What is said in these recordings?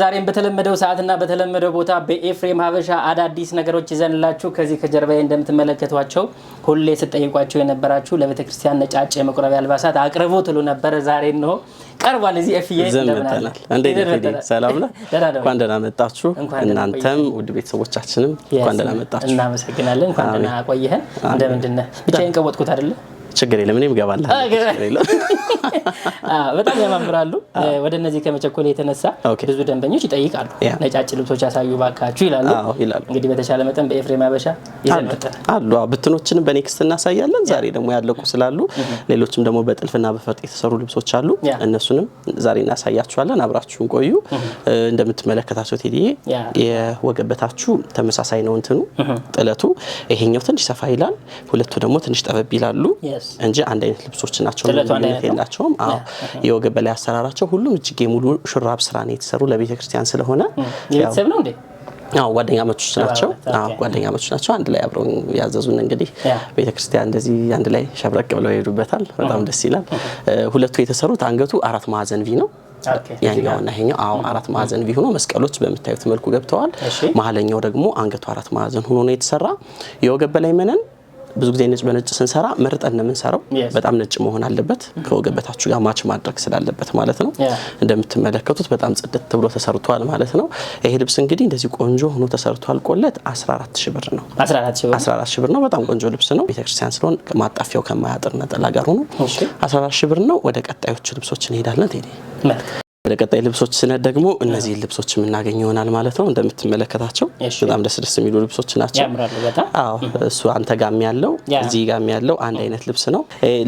ዛሬም በተለመደው ሰዓትና በተለመደው ቦታ በኤፍሬም ሀበሻ አዳዲስ ነገሮች ይዘንላችሁ ከዚህ ከጀርባዬ እንደምትመለከቷቸው ሁሌ ስጠይቋቸው የነበራችሁ ለቤተ ክርስቲያን ነጫጭ የመቁረቢያ አልባሳት አቅርቦ ትሉ ነበረ። ዛሬ ነው ቀርቧል። እዚህ ኤፍዬ እንዴት ሰላም ነህ? እንኳን ደህና መጣችሁ። እናንተም ውድ ቤተሰቦቻችንም እንኳን ደህና መጣችሁ። እናመሰግናለን። እንኳን ደህና አቆየህን። እንደምንድን ነህ? ብቻዬን ቀወጥኩት አይደለም ችግር የለም እኔም እገባለሁ። በጣም ያማምራሉ። ወደ እነዚህ ከመቸኮል የተነሳ ብዙ ደንበኞች ይጠይቃሉ። ነጫጭ ልብሶች ያሳዩ ባካችሁ ይላሉ። እንግዲህ መጠን በኤፍሬም አበሻ አሉ። ብትኖችንም በኔክስት እናሳያለን። ዛሬ ደግሞ ያለቁ ስላሉ ሌሎችም ደግሞ በጥልፍና በፈርጥ የተሰሩ ልብሶች አሉ። እነሱንም ዛሬ እናሳያችኋለን። አብራችሁን ቆዩ። እንደምትመለከታቸው ቴዲዬ የወገበታችሁ ተመሳሳይ ነው እንትኑ ጥለቱ። ይሄኛው ትንሽ ሰፋ ይላል፣ ሁለቱ ደግሞ ትንሽ ጠበብ ይላሉ። እንጂ አንድ አይነት ልብሶች ናቸው። ልዩነት የላቸውም። አዎ የወገብ በላይ አሰራራቸው ሁሉም እጅጌ ሙሉ ሹራብ ስራ ነው የተሰሩ ለቤተ ክርስቲያን ስለሆነ ቤተሰብ ነው እንዴ? ጓደኛ መቾች ናቸው። ጓደኛ መቾች ናቸው። አንድ ላይ አብረው ያዘዙን። እንግዲህ ቤተክርስቲያን እንደዚህ አንድ ላይ ሸብረቅ ብለው ይሄዱበታል። በጣም ደስ ይላል። ሁለቱ የተሰሩት አንገቱ አራት ማዕዘን ቪ ነው ያኛውና ይሄኛው አዎ አራት ማዕዘን ቪ ሆኖ መስቀሎች በምታዩት መልኩ ገብተዋል። መሀለኛው ደግሞ አንገቱ አራት ማዕዘን ሆኖ ነው የተሰራ የወገብ በላይ መነን ብዙ ጊዜ ነጭ በነጭ ስንሰራ መርጠን ነው የምንሰራው። በጣም ነጭ መሆን አለበት ከወገበታችሁ ጋር ማች ማድረግ ስላለበት ማለት ነው። እንደምትመለከቱት በጣም ጽድት ተብሎ ተሰርቷል ማለት ነው። ይሄ ልብስ እንግዲህ እንደዚህ ቆንጆ ሆኖ ተሰርቷል። ቆለት 14 ሺህ ብር ነው። 14 ሺህ ብር ነው። በጣም ቆንጆ ልብስ ነው። ቤተክርስቲያን ስለሆን ማጣፊያው ከማያጥር ነጠላ ጋር ሆኖ 14 ሺህ ብር ነው። ወደ ቀጣዮቹ ልብሶች እንሄዳለን። ወደ ቀጣይ ልብሶች ስነት ደግሞ እነዚህን ልብሶች የምናገኝ ይሆናል ማለት ነው። እንደምትመለከታቸው በጣም ደስ ደስ የሚሉ ልብሶች ናቸው። አዎ እሱ አንተ ጋም ያለው እዚህ ጋም ያለው አንድ አይነት ልብስ ነው።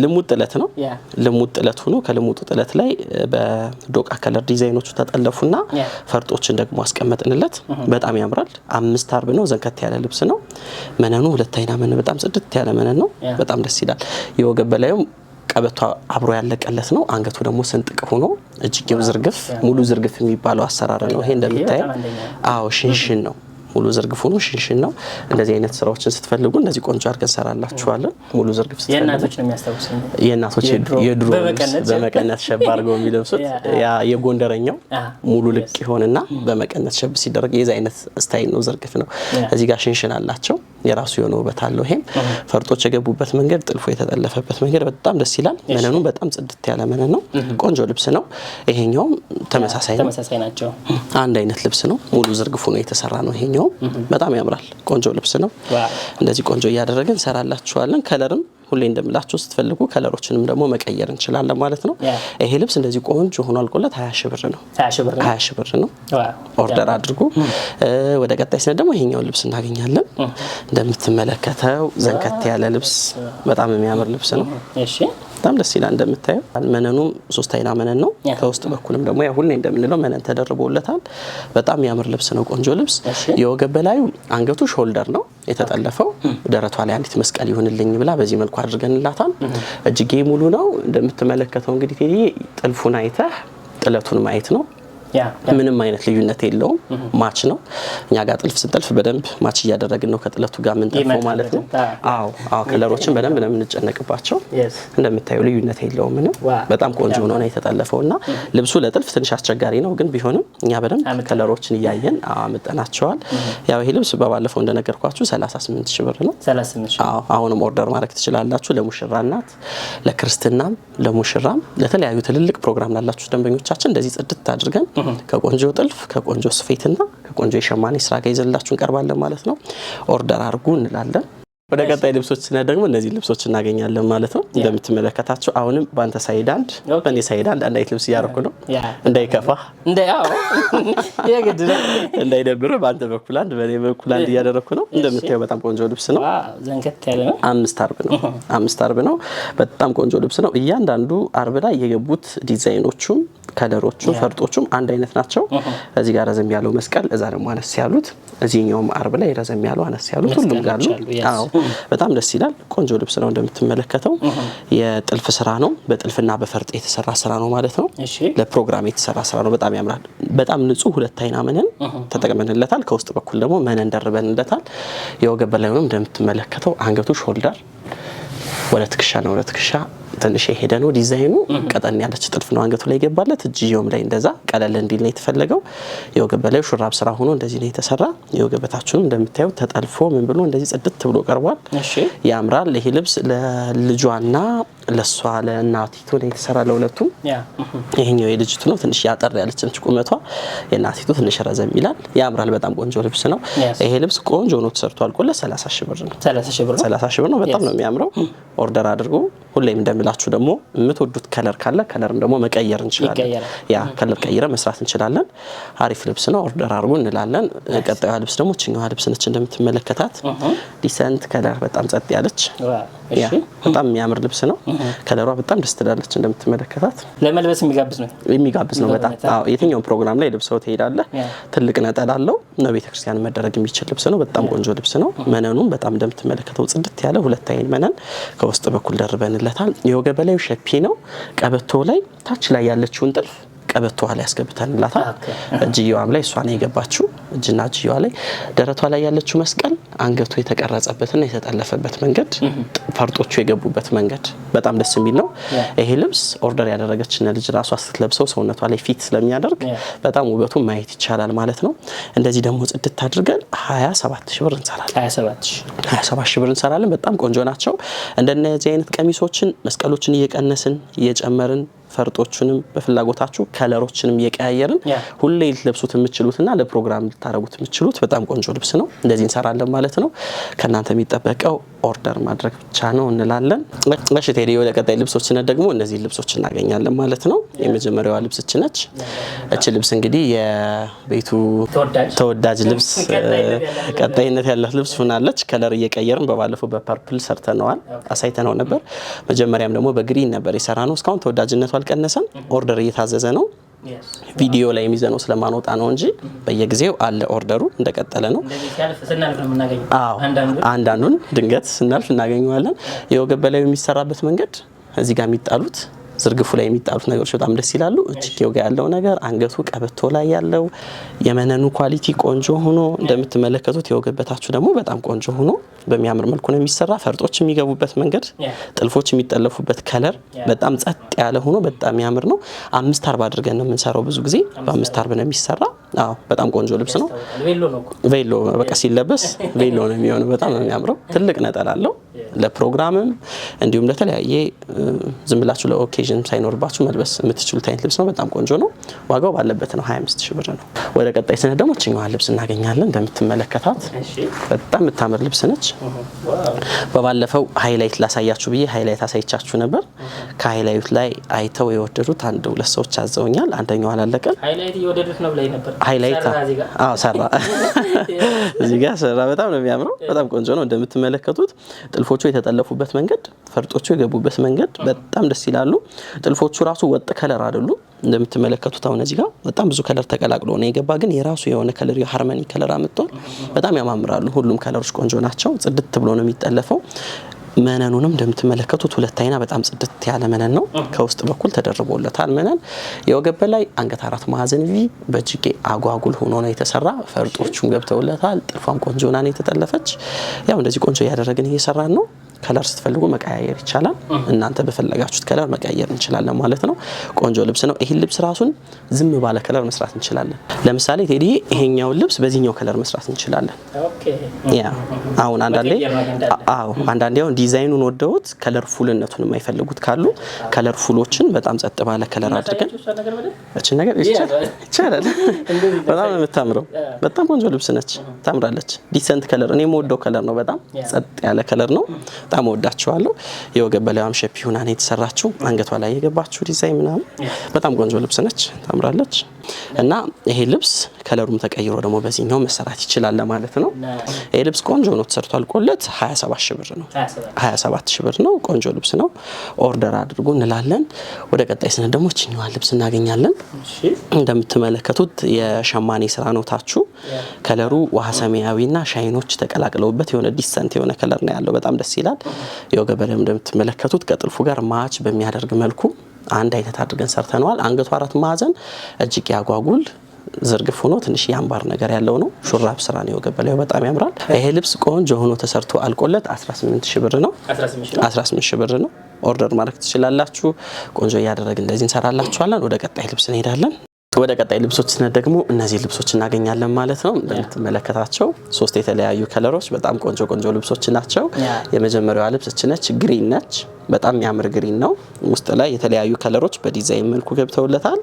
ልሙጥ ጥለት ነው። ልሙጥ ጥለት ሆኖ ከልሙጡ ጥለት ላይ በዶቃ ከለር ዲዛይኖቹ ተጠለፉና ፈርጦችን ደግሞ አስቀመጥንለት። በጣም ያምራል። አምስት አርብ ነው። ዘንከት ያለ ልብስ ነው። መነኑ ሁለት አይና መነን፣ በጣም ጽድት ያለ መነን ነው። በጣም ደስ ይላል። የወገብ በላዩም ቀበቶ አብሮ ያለቀለት ነው። አንገቱ ደግሞ ስንጥቅ ሆኖ እጅጌው ዝርግፍ ሙሉ ዝርግፍ የሚባለው አሰራር ነው። ይሄ እንደምታየው አዎ ሽንሽን ነው። ሙሉ ዝርግፍ ሆኖ ሽንሽን ነው። እንደዚህ አይነት ስራዎችን ስትፈልጉ እንደዚህ ቆንጆ አድርገን ሰራላችኋለን። ሙሉ ዝርግፍ የእናቶች የድሮ በመቀነት ሸብ አድርገው የሚለብሱት የጎንደረኛው ሙሉ ልቅ ይሆንና በመቀነት ሸብ ሲደረግ የዚ አይነት ስታይል ነው፣ ዝርግፍ ነው። እዚህ ጋር ሽንሽን አላቸው። የራሱ የሆነ ውበት አለው። ይሄም ፈርጦች የገቡበት መንገድ፣ ጥልፎ የተጠለፈበት መንገድ በጣም ደስ ይላል። መነኑ በጣም ጽድት ያለ መነን ነው። ቆንጆ ልብስ ነው። ይሄኛውም ተመሳሳይ ናቸው። አንድ አይነት ልብስ ነው። ሙሉ ዝርግፉ ነው የተሰራ ነው። ይሄኛውም በጣም ያምራል። ቆንጆ ልብስ ነው። እንደዚህ ቆንጆ እያደረግን እንሰራላችኋለን። ከለርም ሁሌ እንደምላችሁ ስትፈልጉ ከለሮችንም ደግሞ መቀየር እንችላለን ማለት ነው። ይሄ ልብስ እንደዚህ ቆንጆ ሆኖ አልቆለት ሀያ ሺህ ብር ነው። ሀያ ሺህ ብር ነው። ኦርደር አድርጉ። ወደ ቀጣይ ስነ ደግሞ ይሄኛውን ልብስ እናገኛለን። እንደምትመለከተው ዘንከት ያለ ልብስ በጣም የሚያምር ልብስ ነው። በጣም ደስ ይላል። እንደምታየው መነኑም ሶስት አይና መነን ነው። ከውስጥ በኩልም ደግሞ ያው ሁሌ እንደምንለው መነን ተደርቦለታል። በጣም የሚያምር ልብስ ነው። ቆንጆ ልብስ የወገብ በላዩ አንገቱ ሾልደር ነው የተጠለፈው ደረቷ ላይ አንዲት መስቀል ይሁንልኝ ብላ በዚህ መልኩ አድርገንላታል። እጅጌ ሙሉ ነው እንደምትመለከተው እንግዲህ ጥልፉን አይተህ ጥለቱን ማየት ነው። ምንም አይነት ልዩነት የለውም። ማች ነው። እኛ ጋር ጥልፍ ስንጠልፍ በደንብ ማች እያደረግን ነው ከጥለቱ ጋር የምንጠልፈው ማለት ነው። አዎ አዎ፣ ከለሮችን በደንብ ነው የምንጨነቅባቸው። እንደምታየው ልዩነት የለውም ምንም። በጣም ቆንጆ ሆኖ ነው የተጠለፈው እና ልብሱ ለጥልፍ ትንሽ አስቸጋሪ ነው፣ ግን ቢሆንም እኛ በደንብ ከለሮችን እያየን አምጠናቸዋል። ያው ይሄ ልብስ በባለፈው እንደነገርኳችሁ 38 ሺህ ብር ነው። አዎ አሁንም ኦርደር ማድረግ ትችላላችሁ። ለሙሽራ እናት፣ ለክርስትናም፣ ለሙሽራም፣ ለተለያዩ ትልልቅ ፕሮግራም ላላችሁ ደንበኞቻችን እንደዚህ ጽድት አድርገን ከቆንጆ ጥልፍ ከቆንጆ ስፌትና ከቆንጆ የሸማኔ ስራ ጋር ይዘንላችሁ እንቀርባለን ማለት ነው። ኦርደር አድርጉ እንላለን። ወደ ቀጣይ ልብሶች ስነ ደግሞ እነዚህ ልብሶች እናገኛለን ማለት ነው። እንደምትመለከታቸው አሁንም በአንተ ሳይድ አንድ በእኔ ሳይድ አንድ አንድ አይነት ልብስ እያደረኩ ነው። እንዳይከፋ እንዳይደብር በአንተ በኩል አንድ በእኔ በኩል አንድ እያደረኩ ነው። እንደምታየው በጣም ቆንጆ ልብስ ነው። አምስት አርብ ነው። አምስት አርብ ነው። በጣም ቆንጆ ልብስ ነው። እያንዳንዱ አርብ ላይ የገቡት ዲዛይኖቹም ከለሮቹም ፈርጦቹም አንድ አይነት ናቸው። እዚህ ጋር ረዘም ያለው መስቀል፣ እዛ ደግሞ አነስ ያሉት፣ እዚህኛውም አርብ ላይ ረዘም ያለው አነስ ያሉት ሁሉም ጋሉ። በጣም ደስ ይላል። ቆንጆ ልብስ ነው እንደምትመለከተው። የጥልፍ ስራ ነው፣ በጥልፍና በፈርጥ የተሰራ ስራ ነው ማለት ነው። ለፕሮግራም የተሰራ ስራ ነው። በጣም ያምራል። በጣም ንጹህ ሁለት አይና መነን ተጠቅመንለታል። ከውስጥ በኩል ደግሞ መነን ደርበንለታል። የወገብ በላይ ሆኖ እንደምትመለከተው አንገቱ ሾልደር ወደ ትከሻ ነው ወደ ትከሻ ትንሽ የሄደ ነው ዲዛይኑ። ቀጠን ያለች ጥልፍ ነው አንገቱ ላይ ገባለት እጅየውም ላይ እንደዛ ቀለል እንዲል ነው የተፈለገው። የወገብ በላይ ሹራብ ስራ ሆኖ እንደዚህ ነው የተሰራ። የወገብ በታችንም እንደምታየው ተጠልፎ ምን ብሎ እንደዚህ ጽድት ብሎ ቀርቧል። ያምራል። ይሄ ልብስ ለልጇና ለእሷ ለእናቲቱ ነው የተሰራ፣ ለሁለቱም። ይሄኛው የልጅቱ ነው ትንሽ ያጠር ያለች እንች ቁመቷ፣ የእናቲቱ ትንሽ ረዘም ይላል። ያምራል። በጣም ቆንጆ ልብስ ነው። ይሄ ልብስ ቆንጆ ሆኖ ተሰርቶ አልቆለ 30 ሺህ ብር ነው። 30 ሺህ ብር ነው። በጣም ነው የሚያምረው። hmm. ኦርደር አድርጎ ሁሌም እንደምል ብላችሁ ደግሞ የምትወዱት ከለር ካለ ከለርም ደግሞ መቀየር እንችላለን። ያ ከለር ቀይረ መስራት እንችላለን። አሪፍ ልብስ ነው፣ ኦርደር አድርጉ እንላለን። ቀጣዩ ልብስ ደግሞ ችኛዋ ልብስ ነች እንደምትመለከታት ዲሰንት ከለር፣ በጣም ጸጥ ያለች በጣም የሚያምር ልብስ ነው። ከለሯ በጣም ደስ ትላለች። እንደምትመለከታት ለመልበስ የሚጋብዝ ነው የሚጋብዝ ነው በጣም የትኛውም ፕሮግራም ላይ ልብሰው ትሄዳለህ። ትልቅ ነጠላ አለው ነው ቤተክርስቲያን መደረግ የሚችል ልብስ ነው። በጣም ቆንጆ ልብስ ነው። መነኑም በጣም እንደምትመለከተው ጽድት ያለ ሁለት አይን መነን ከውስጥ በኩል ደርበንለታል። የወገብ በላዩ ሸፒ ነው። ቀበቶ ላይ ታች ላይ ያለችውን ጥልፍ ቀበቶ ላይ ያስገብተንላታል። እጅየዋም ላይ እሷ የገባችው። እጅና እጅየዋ ላይ ደረቷ ላይ ያለችው መስቀል አንገቱ የተቀረጸበትና የተጠለፈበት መንገድ ፈርጦቹ የገቡበት መንገድ በጣም ደስ የሚል ነው። ይሄ ልብስ ኦርደር ያደረገችን ልጅ ራሷ ስትለብሰው ሰውነቷ ላይ ፊት ስለሚያደርግ በጣም ውበቱ ማየት ይቻላል ማለት ነው። እንደዚህ ደግሞ ጽድት አድርገን 27 ሺ ብር እንሰራለን። 27 ሺ ብር እንሰራለን። በጣም ቆንጆ ናቸው። እንደነዚህ አይነት ቀሚሶችን መስቀሎችን እየቀነስን እየጨመርን ፈርጦችንም በፍላጎታችሁ ከለሮችንም እየቀያየርን ሁሌ ልትለብሱት የምችሉትና ለፕሮግራም ልታደረጉት የምችሉት በጣም ቆንጆ ልብስ ነው። እንደዚህ እንሰራለን ማለት ነው። ከእናንተ የሚጠበቀው ኦርደር ማድረግ ብቻ ነው እንላለን። እሺ ቴዲ፣ ወደ ቀጣይ ልብሶችነ ደግሞ እነዚህ ልብሶች እናገኛለን ማለት ነው። የመጀመሪያዋ ልብስች ነች። እች ልብስ እንግዲህ የቤቱ ተወዳጅ ልብስ ቀጣይነት ያላት ልብስ ሆናለች። ከለር እየቀየርን በባለፈው በፐርፕል ሰርተነዋል አሳይተነው ነበር። መጀመሪያም ደግሞ በግሪን ነበር የሰራ ነው። እስካሁን ተወዳጅነቷ አልቀነሰም። ኦርደር እየታዘዘ ነው። ቪዲዮ ላይ የሚዘነው ስለማንወጣ ነው እንጂ በየጊዜው አለ። ኦርደሩ እንደቀጠለ ነው። አዎ አንዳንዱን ድንገት ስናልፍ እናገኘዋለን። የወገብ በላዩ የሚሰራበት መንገድ እዚህ ጋር የሚጣሉት ዝርግፉ ላይ የሚጣሉት ነገሮች በጣም ደስ ይላሉ። እጅጌው ጋር ያለው ነገር፣ አንገቱ ቀበቶ ላይ ያለው የመነኑ ኳሊቲ ቆንጆ ሆኖ እንደምትመለከቱት የወገብ በታችሁ ደግሞ በጣም ቆንጆ ሆኖ በሚያምር መልኩ ነው የሚሰራ። ፈርጦች የሚገቡበት መንገድ፣ ጥልፎች የሚጠለፉበት ከለር በጣም ጸጥ ያለ ሆኖ በጣም የሚያምር ነው። አምስት አርብ አድርገን ነው የምንሰራው። ብዙ ጊዜ በአምስት አርብ ነው የሚሰራ። አዎ በጣም ቆንጆ ልብስ ነው። ቬሎ በቃ ሲለበስ ቬሎ ነው የሚሆነው። በጣም ነው የሚያምረው። ትልቅ ነጠላ አለው ለፕሮግራምም እንዲሁም ለተለያየ ዝም ብላችሁ ለኦኬዥን ሳይኖርባችሁ መልበስ የምትችሉት አይነት ልብስ ነው። በጣም ቆንጆ ነው። ዋጋው ባለበት ነው፣ 25 ሺ ብር ነው። ወደ ቀጣይ ስነት ደግሞ ችኛዋን ልብስ እናገኛለን። እንደምትመለከታት በጣም የምታምር ልብስ ነች። በባለፈው ሀይላይት ላሳያችሁ ብዬ ሀይላይት አሳይቻችሁ ነበር። ከሀይላይት ላይ አይተው የወደዱት አንድ ሁለት ሰዎች አዘውኛል። አንደኛው አላለቀም። ሀይላይት ሰራ፣ እዚህ ጋር ሰራ። በጣም ነው የሚያምረው። በጣም ቆንጆ ነው። እንደምትመለከቱት ጥልፎቹ የተጠለፉበት መንገድ፣ ፈርጦቹ የገቡበት መንገድ በጣም ደስ ይላሉ። ጥልፎቹ ራሱ ወጥ ከለር አይደሉም። እንደምትመለከቱት አሁን እዚህ ጋር በጣም ብዙ ከለር ተቀላቅሎ ነው የገባ፣ ግን የራሱ የሆነ ከለር የሃርመኒ ከለር አምጥቷል። በጣም ያማምራሉ። ሁሉም ከለሮች ቆንጆ ናቸው። ጽድት ብሎ ነው የሚጠለፈው። መነኑንም እንደምትመለከቱት ሁለት አይና በጣም ጽድት ያለ መነን ነው። ከውስጥ በኩል ተደርቦለታል መነን። የወገብ በላይ አንገት አራት ማዕዘን ቪ በእጅጌ አጓጉል ሆኖ ነው የተሰራ። ፈርጦቹም ገብተውለታል። ጥልፏም ቆንጆና ነው የተጠለፈች። ያው እንደዚህ ቆንጆ እያደረግን እየሰራን ነው። ከለር ስትፈልጉ መቀያየር ይቻላል። እናንተ በፈለጋችሁት ከለር መቀያየር እንችላለን ማለት ነው። ቆንጆ ልብስ ነው። ይህን ልብስ ራሱን ዝም ባለ ከለር መስራት እንችላለን። ለምሳሌ ቴዲ ይሄኛውን ልብስ በዚህኛው ከለር መስራት እንችላለን። ያ አሁን አንዳንዴ አዎ አንዳንዴ አሁን ዲዛይኑን ወደውት ከለር ፉልነቱን የማይፈልጉት ካሉ ከለር ፉሎችን በጣም ጸጥ ባለ ከለር አድርገን እችን ነገር ይቻላል። በጣም ነው የምታምረው። በጣም ቆንጆ ልብስ ነች፣ ታምራለች። ዲሰንት ከለር እኔ የምወደው ከለር ነው። በጣም ጸጥ ያለ ከለር ነው። በጣም ወዳችኋለሁ። የወገብ በላይዋም ሼፕ ይሁና ነው የተሰራችው። አንገቷ ላይ የገባችሁ ዲዛይን ምናምን በጣም ቆንጆ ልብስ ነች፣ ታምራለች እና ይሄ ልብስ ከለሩም ተቀይሮ ደግሞ በዚህኛው መሰራት ይችላል ለማለት ነው። ይህ ልብስ ቆንጆ ነው ተሰርቷል። ቆለት 27 ሺህ ብር ነው፣ 27 ሺህ ብር ነው። ቆንጆ ልብስ ነው። ኦርደር አድርጉ እንላለን። ወደ ቀጣይ ስነ ደግሞ ችኛዋን ልብስ እናገኛለን። እንደምትመለከቱት የሸማኔ ስራ ነው። ታችሁ ከለሩ ውሃ ሰማያዊና ሻይኖች ተቀላቅለውበት የሆነ ዲሰንት የሆነ ከለር ነው ያለው። በጣም ደስ ይላል። ይኸው ገበለም እንደምትመለከቱት ከጥልፉ ጋር ማች በሚያደርግ መልኩ አንድ አይነት አድርገን ሰርተነዋል። አንገቱ አራት ማዕዘን እጅግ ያጓጉል ዝርግፍ ሆኖ ትንሽ የአምባር ነገር ያለው ነው። ሹራብ ስራ ነው የወገበላዩ በጣም ያምራል። ይሄ ልብስ ቆንጆ ሆኖ ተሰርቶ አልቆለት 18 ሺህ ብር ነው። 18 ሺህ ብር ነው። ኦርደር ማድረግ ትችላላችሁ። ቆንጆ እያደረግ እንደዚህ እንሰራላችኋለን። ወደ ቀጣይ ልብስ እንሄዳለን። ወደ ቀጣይ ልብሶች ስነ ደግሞ እነዚህ ልብሶች እናገኛለን ማለት ነው። እንደምትመለከታቸው ሶስት የተለያዩ ከለሮች በጣም ቆንጆ ቆንጆ ልብሶች ናቸው። የመጀመሪያዋ ልብስ እች ነች፣ ግሪን ነች። በጣም የሚያምር ግሪን ነው። ውስጥ ላይ የተለያዩ ከለሮች በዲዛይን መልኩ ገብተውለታል።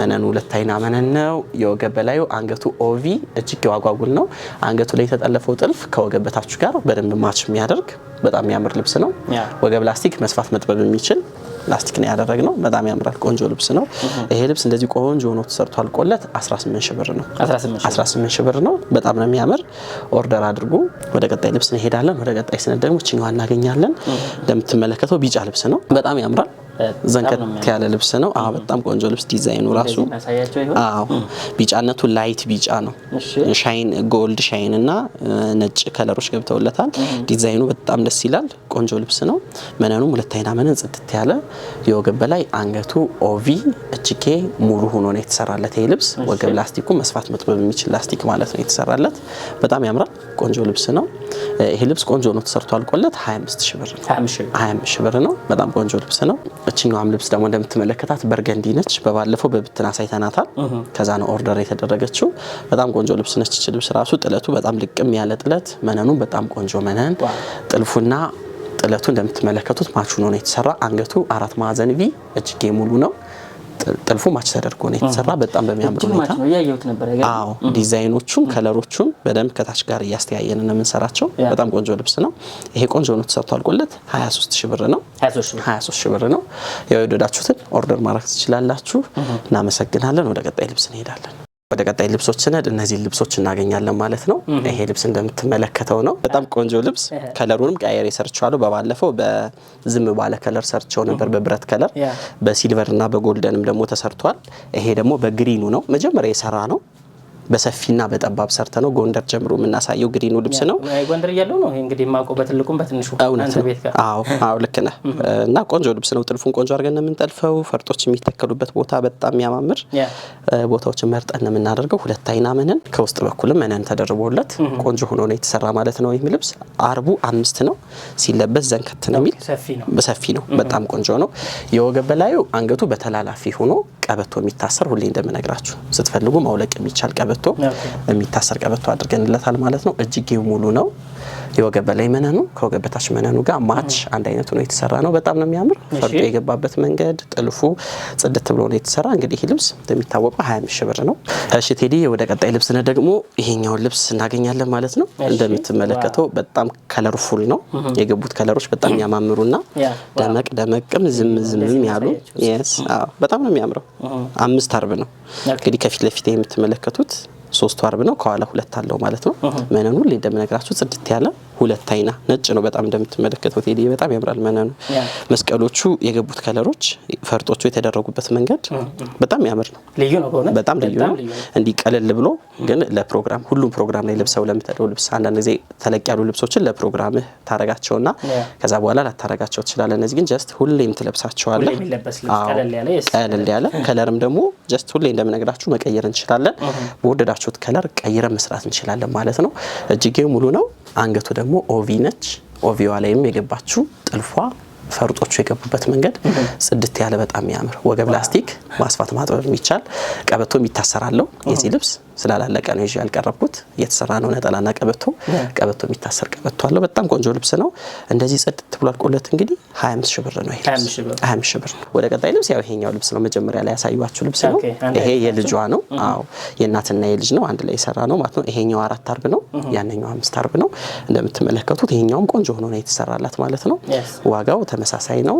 መነኑ ሁለት አይና መነን ነው። የወገብ በላዩ አንገቱ ኦቪ እጅጌው አጓጉል ነው። አንገቱ ላይ የተጠለፈው ጥልፍ ከወገብ በታች ጋር በደንብ ማች የሚያደርግ በጣም የሚያምር ልብስ ነው። ወገብ ላስቲክ መስፋት መጥበብ የሚችል ላስቲክ ነው ነው። በጣም ያምራል። ቆንጆ ልብስ ነው። ይሄ ልብስ እንደዚህ ቆንጆ ሆኖ ተሰርቷል። ቆለት 18 ሺህ ብር ነው። 18 ሺህ ብር ነው። በጣም ነው የሚያምር። ኦርደር አድርጉ። ወደ ቀጣይ ልብስ እንሄዳለን። ወደ ቀጣይ ስነት ደግሞ ችኛዋ እናገኛለን። እንደምትመለከተው ቢጫ ልብስ ነው። በጣም ያምራል። ዘንከት ያለ ልብስ ነው። አዎ በጣም ቆንጆ ልብስ ዲዛይኑ ራሱ አዎ ቢጫነቱ ላይት ቢጫ ነው። ሻይን ጎልድ ሻይን እና ነጭ ከለሮች ገብተውለታል። ዲዛይኑ በጣም ደስ ይላል። ቆንጆ ልብስ ነው። መነኑም ሁለት አይና መነን ጽድት ያለ የወገብ በላይ አንገቱ ኦቪ እችኬ ሙሉ ሆኖ ነው የተሰራለት ይሄ ልብስ። ወገብ ላስቲኩ መስፋት መጥበብ የሚችል ላስቲክ ማለት ነው የተሰራለት። በጣም ያምራል። ቆንጆ ልብስ ነው። ይሄ ልብስ ቆንጆ ነው ተሰርቶ አልቆለት 25 ሺህ ብር ነው። 25 ሺህ ብር ነው። በጣም ቆንጆ ልብስ ነው። እችኛዋም ልብስ ደግሞ እንደምትመለከታት በርገንዲ ነች። በባለፈው በብትን አሳይተናታል። ከዛ ነው ኦርደር የተደረገችው። በጣም ቆንጆ ልብስ ነች። እች ልብስ ራሱ ጥለቱ በጣም ልቅም ያለ ጥለት፣ መነኑ በጣም ቆንጆ መነን፣ ጥልፉና ጥለቱ እንደምትመለከቱት ማቹ ነው የተሰራ። አንገቱ አራት ማዕዘን ቪ፣ እጅጌ ሙሉ ነው። ጥልፉ ማች ተደርጎ ነው የተሰራ። በጣም በሚያምር ሁኔታ አዎ፣ ዲዛይኖቹም ከለሮቹም በደንብ ከታች ጋር እያስተያየን ነው የምንሰራቸው። በጣም ቆንጆ ልብስ ነው ይሄ። ቆንጆ ነው ተሰርቶ አልቆለት 23 ሺ ብር ነው። 23 ሺ ብር ነው። የወደዳችሁትን ኦርደር ማድረግ ትችላላችሁ። እናመሰግናለን። ወደ ቀጣይ ልብስ እንሄዳለን። ወደ ቀጣይ ልብሶች ስነድ እነዚህን ልብሶች እናገኛለን ማለት ነው። ይሄ ልብስ እንደምትመለከተው ነው። በጣም ቆንጆ ልብስ ከለሩንም ቀያየሬ ሰርቼዋለሁ። በባለፈው በዝም ባለ ከለር ሰርቸው ነበር፣ በብረት ከለር በሲልቨር እና በጎልደንም ደግሞ ተሰርቷል። ይሄ ደግሞ በግሪኑ ነው መጀመሪያ የሰራ ነው። በሰፊና በጠባብ ሰርተ ነው ጎንደር ጀምሮ የምናሳየው ግሪኑ ልብስ ነው። ጎንደር እያለሁ ነው እንግዲህ የማውቀው በትልቁም በትንሹ እውነት ነው። አዎ አዎ ልክ ነህ። እና ቆንጆ ልብስ ነው። ጥልፉን ቆንጆ አድርገን ነው የምንጠልፈው። ፈርጦች የሚተከሉበት ቦታ በጣም የሚያማምር ቦታዎችን መርጠን ነው የምናደርገው። ሁለት አይና መነን ከውስጥ በኩልም መነን ተደርቦለት ቆንጆ ሆኖ ነው የተሰራ ማለት ነው። ይህ ልብስ አርቡ አምስት ነው። ሲለበስ ዘንከት ነው የሚል ሰፊ ነው። በጣም ቆንጆ ነው። የወገብ በላዩ አንገቱ በተላላፊ ሆኖ ቀበቶ የሚታሰር ሁሌ እንደምነግራችሁ ስትፈልጉ ማውለቅ የሚቻል ቀበቶ የሚታሰር ቀበቶ አድርገንለታል ማለት ነው። እጅጌው ሙሉ ነው። የወገብ በላይ መነኑ ከወገብ በታች መነኑ ጋር ማች አንድ አይነት ሆኖ የተሰራ ነው። በጣም ነው የሚያምር። ፈርጦ የገባበት መንገድ ጥልፉ ጽድት ብሎ ነው የተሰራ። እንግዲህ ይህ ልብስ እንደሚታወቀው ሀያ አምስት ሺህ ብር ነው። እሺ ቴዲ፣ ወደ ቀጣይ ልብስ ነ ደግሞ ይሄኛውን ልብስ እናገኛለን ማለት ነው። እንደምትመለከተው በጣም ከለርፉል ነው። የገቡት ከለሮች በጣም ያማምሩና ደመቅ ደመቅም ዝም ዝምም ያሉ በጣም ነው የሚያምረው። አምስት አርብ ነው እንግዲህ ከፊት ለፊት የምትመለከቱት ሶስቱ አርብ ነው ከኋላ ሁለት አለው ማለት ነው። መነኑ ሁሌ እንደምነግራችሁ ጽድት ያለ ሁለት አይና ነጭ ነው። በጣም እንደምትመለከተው ቴዲ በጣም ያምራል። መነ ነው መስቀሎቹ የገቡት ከለሮች፣ ፈርጦቹ የተደረጉበት መንገድ በጣም ያምር ነው። ልዩ ነው፣ በጣም ልዩ ነው። እንዲህ ቀለል ብሎ ግን ለፕሮግራም ሁሉም ፕሮግራም ላይ ለብሰው ለምትለው ልብስ አንዳንድ ጊዜ ተለቅ ያሉ ልብሶችን ለፕሮግራምህ ታረጋቸውና ከዛ በኋላ ላታረጋቸው ትችላለ። እነዚህ ግን ጀስት ሁሌም ትለብሳቸዋለ። ቀለል ያለ ከለርም ደግሞ ጀስት ሁሌ እንደምነግራችሁ መቀየር እንችላለን። በወደዳችሁት ከለር ቀይረን መስራት እንችላለን ማለት ነው። እጅጌው ሙሉ ነው። አንገቱ ደግሞ ኦቪ ነች። ኦቪዋ ላይም የገባችው ጥልፏ ፈርጦቹ የገቡበት መንገድ ጽድት ያለ በጣም ያምር ወገብ ላስቲክ ማስፋት ማጥበብ የሚቻል ቀበቶ ይታሰራለው የዚህ ልብስ ስላላለቀ ነው ይዤ ያልቀረብኩት። እየተሰራ ነው ነጠላና ቀበቶ ቀበቶ የሚታሰር ቀበቶ አለው። በጣም ቆንጆ ልብስ ነው። እንደዚህ ጸድት ብሎ አልቆለት እንግዲህ 25 ሺህ ብር ነው ይሄ ልብስ 25 ነው። ወደ ቀጣይ ልብስ ያው ይሄኛው ልብስ ነው መጀመሪያ ላይ ያሳዩዋችሁ ልብስ ነው። ይሄ የልጇ ነው። አዎ የእናትና የልጅ ነው አንድ ላይ የሰራ ነው ማለት ነው። ይሄኛው አራት አርብ ነው፣ ያነኛው አምስት አርብ ነው። እንደምትመለከቱት ይሄኛውም ቆንጆ ሆኖ ነው የተሰራላት ማለት ነው። ዋጋው ተመሳሳይ ነው።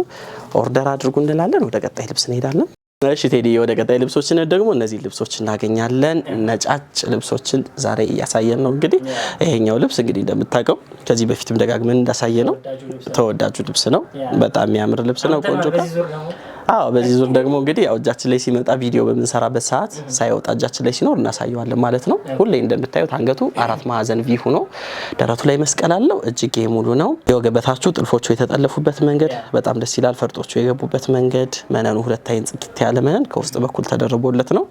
ኦርደር አድርጉ እንላለን። ወደ ቀጣይ ልብስ እንሄዳለን። እሺ ቴዲ ወደ ቀጣይ ልብሶች ደግሞ እነዚህ ልብሶች እናገኛለን። ነጫጭ ልብሶችን ዛሬ እያሳየን ነው። እንግዲህ ይሄኛው ልብስ እንግዲህ እንደምታውቀው ከዚህ በፊትም ደጋግመን እንዳሳየ ነው ተወዳጁ ልብስ ነው። በጣም የሚያምር ልብስ ነው። ቆንጆ አዎ በዚህ ዙር ደግሞ እንግዲህ ያው እጃችን ላይ ሲመጣ ቪዲዮ በምንሰራበት ሰዓት ሳይወጣ እጃችን ላይ ሲኖር እናሳየዋለን ማለት ነው። ሁሌ እንደምታዩት አንገቱ አራት ማዕዘን ቪ ሆኖ ደረቱ ላይ መስቀል አለው። እጅጌ ሙሉ ነው። የወገበታችሁ ጥልፎቹ የተጠለፉበት መንገድ በጣም ደስ ይላል። ፈርጦቹ የገቡበት መንገድ መነኑ ሁለት አይን ጽድት ያለ መነን ከውስጥ በኩል ተደርቦለት ነው።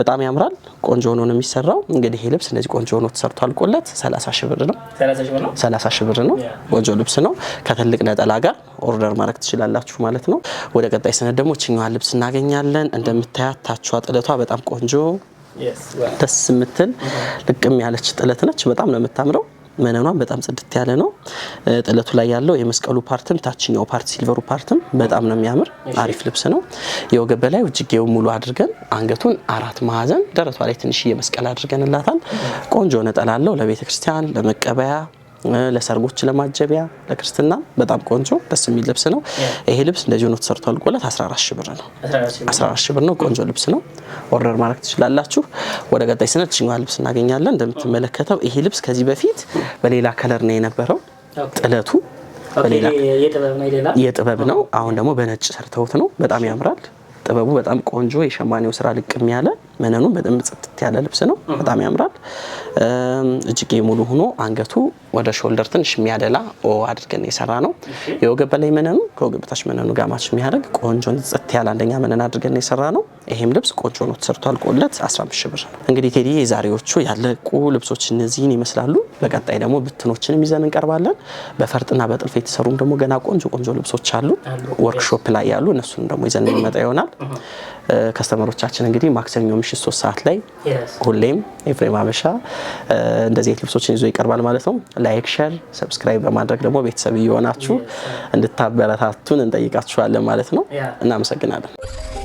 በጣም ያምራል። ቆንጆ ሆኖ ነው የሚሰራው። እንግዲህ ይህ ልብስ እንደዚህ ቆንጆ ሆኖ ተሰርቶ አልቆለት 30 ሺህ ብር ነው። 30 ሺህ ብር ነው። ቆንጆ ልብስ ነው። ከትልቅ ነጠላ ጋር ኦርደር ማድረግ ትችላላችሁ ማለት ነው። ወደ ቀጣይ ስነ ደግሞ ችኛዋን ልብስ እናገኛለን። እንደምታያት ታቿ ጥለቷ በጣም ቆንጆ ደስ የምትል ልቅም ያለች ጥለት ነች። በጣም ነው የምታምረው። መነኗም በጣም ጽድት ያለ ነው። ጥለቱ ላይ ያለው የመስቀሉ ፓርትም ታችኛው ፓርት ሲልቨሩ ፓርትም በጣም ነው የሚያምር አሪፍ ልብስ ነው። የወገብ በላይ እጅጌው ሙሉ አድርገን አንገቱን አራት ማዕዘን ደረቷ ላይ ትንሽዬ መስቀል አድርገንላታል። ቆንጆ ነጠላ አለው። ለቤተክርስቲያን ለመቀበያ ለሰርጎች፣ ለማጀቢያ፣ ለክርስትና በጣም ቆንጆ ደስ የሚል ልብስ ነው። ይሄ ልብስ እንደዚህ ሆኖ ተሰርቶ አልቆለት 14 ሺህ ብር ነው። 14 ሺህ ብር ነው። ቆንጆ ልብስ ነው። ኦርደር ማድረግ ትችላላችሁ። ወደ ቀጣይ ስነ ችኛዋ ልብስ እናገኛለን። እንደምትመለከተው ይሄ ልብስ ከዚህ በፊት በሌላ ከለር ነው የነበረው ጥለቱ የጥበብ ነው። አሁን ደግሞ በነጭ ሰርተውት ነው። በጣም ያምራል ጥበቡ። በጣም ቆንጆ የሸማኔው ስራ ልቅም ያለ መነኑ በደንብ ጽጥት ያለ ልብስ ነው። በጣም ያምራል። እጅጌ ሙሉ ሆኖ አንገቱ ወደ ሾልደር ትንሽ የሚያደላ ኦ አድርገን የሰራ ነው። የወገብ በላይ መነኑ ከወገብ በታች መነኑ ጋር ማች የሚያደርግ ቆንጆ ጽጥ ያለ አንደኛ መነን አድርገን የሰራ ነው። ይሄም ልብስ ቆንጆ ነው ተሰርቶ አልቆለት 15 ሺህ ብር እንግዲህ ቴዲ የዛሬዎቹ ያለቁ ልብሶች እነዚህን ይመስላሉ። በቀጣይ ደግሞ ብትኖችንም ይዘን እንቀርባለን። በፈርጥና በጥልፍ የተሰሩም ደግሞ ገና ቆንጆ ቆንጆ ልብሶች አሉ ወርክሾፕ ላይ ያሉ፣ እነሱንም ደግሞ ይዘን እንመጣ ይሆናል። ከስተመሮቻችን እንግዲህ ማክሰኞ ምሽት ሶስት ሰዓት ላይ ሁሌም ኤፍሬም ሀበሻ እንደዚህ አይነት ልብሶችን ይዞ ይቀርባል ማለት ነው። ላይክ፣ ሸር፣ ሰብስክራይብ በማድረግ ደግሞ ቤተሰብ እየሆናችሁ እንድታበረታቱን እንጠይቃችኋለን ማለት ነው። እናመሰግናለን።